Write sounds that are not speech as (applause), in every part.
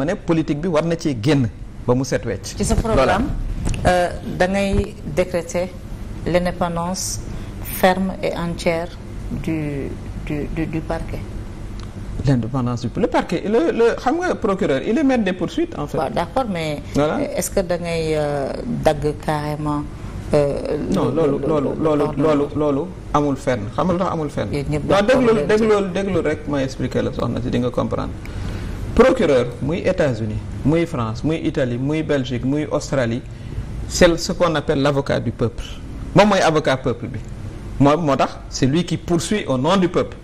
ma ne politique bi war na cee génn ba mu set wecc ci sa programme euh, da ngay décréter l'indépendance ferme et entière du du du, du parquet. l'indépendance du le parquet le le xam nga procureur il est maître des poursuites en fait. waaw d'accord mais. Voilà. est-ce que da ngay euh, dagg carrément. Euh, non loolu loolu loolu loolu loolu amul fenn xam nga lu tax amul fenn. yéen ñëpp waaw déglu déglu rek ma expliquer la soxna si di nga comprendre. procureur muy États-Unis muy France muy itali muy Belgique muy Australie c'est ce qu'on appelle l'avocat du peuple moom mooy avocat peuple bi moom moo tax c'est lui qui poursuit au nom du peuple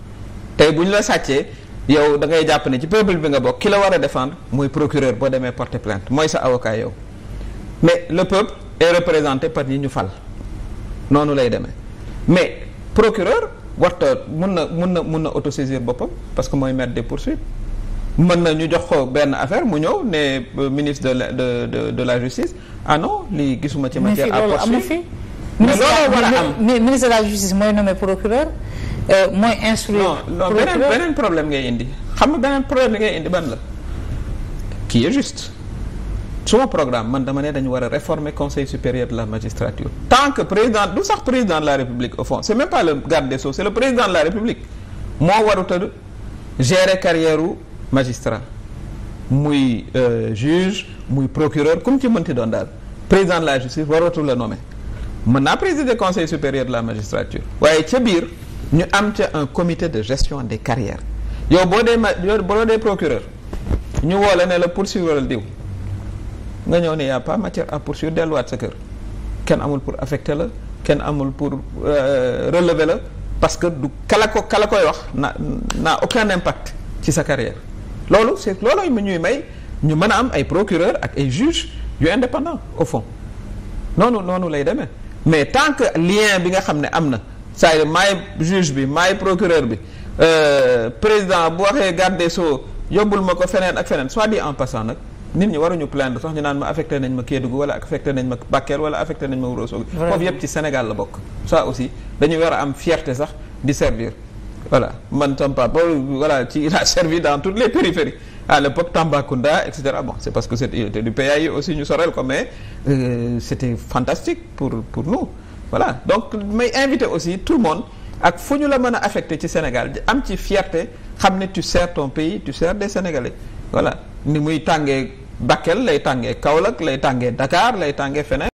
tey bu ñu la sàccee yow da ngay jàpp ne ci peuple bi nga bokk ki la war a défendre mooy procureur boo demee porter plainte mooy sa avocat yow mais le peuple est représenté par yi ñu fal noonu lay demee mais procureur warta mun na mun na mun na autosaisir boppam parce que mooy maître des poursuites man na ñu jox ko benn affaire mu ñëw ne euh, ministre de la de de de la justice ah li gisuma ci matière à poursuivre loolu war a am ministre de la justice mooy nommé procureur euh, mooy instruire non beneen beneen problème ngay indi xam nga beneen problème ngay indi ban la qui est juste suma programme man dama ne dañu war a réformer conseil supérieur de la magistrature tant que président du sax président de la république au fond c'est même pas le garde des sceaux c'est la république moo warut a gérer magistrat muy euh, juge muy procureur comme ci mënti doon daal président de la justice waratul la nommer mën naa présider conseil supérieur de la magistrature waaye ca biir ñu am ca un comité de gestion des carrières yow boo dee ma boo dee procureur ñu woo la ne la poursuivre diw nga ñëw ne y a pas matière à poursuivre delluwaat sa kër kenn amul pour affecter la kenn amul pour euh, relever la parce que du kala ko kala koy wax na naa aucun impact ci sa carrière loolu c'est loolooy mu ñuy may ñu mën a am ay procureur ak ay juge yu indépendant au fond noonu noonu lay demee mais tant que lien bi nga xam ne am na saa maay juge bi maay procureur bi euh, président bu waxee garde des sceaux yóbbul ma ko feneen ak feneen soit dit en passant nag nit ñi waruñu plaindre sax ñu naan ma affecté nañ ma Kédougou wala affecté nañ ma Bakel wala affecté nañ ma Ourossogui foofu yëpp ci Sénégal la bokk ça aussi dañuy war a am fierté sax di servir voilà man tam papa voilà ci il a (laughs) servi dans tout les périphéries à l'époque Tambacounda et cetera bon c'est parce que c'était il était du PAI aussi ñu sorel ko mais euh, c'était fantastique pour pour nous voilà donc may invité aussi tout mone ak fu ñu la mën a affecté ci Sénégal di am ci fierte xam ne tu sers ton pays tu sers des Sénégalais voilà ni muy tàngee Bakel lay tàngee Kaolack lay tàngee Dakar lay tàngee feneen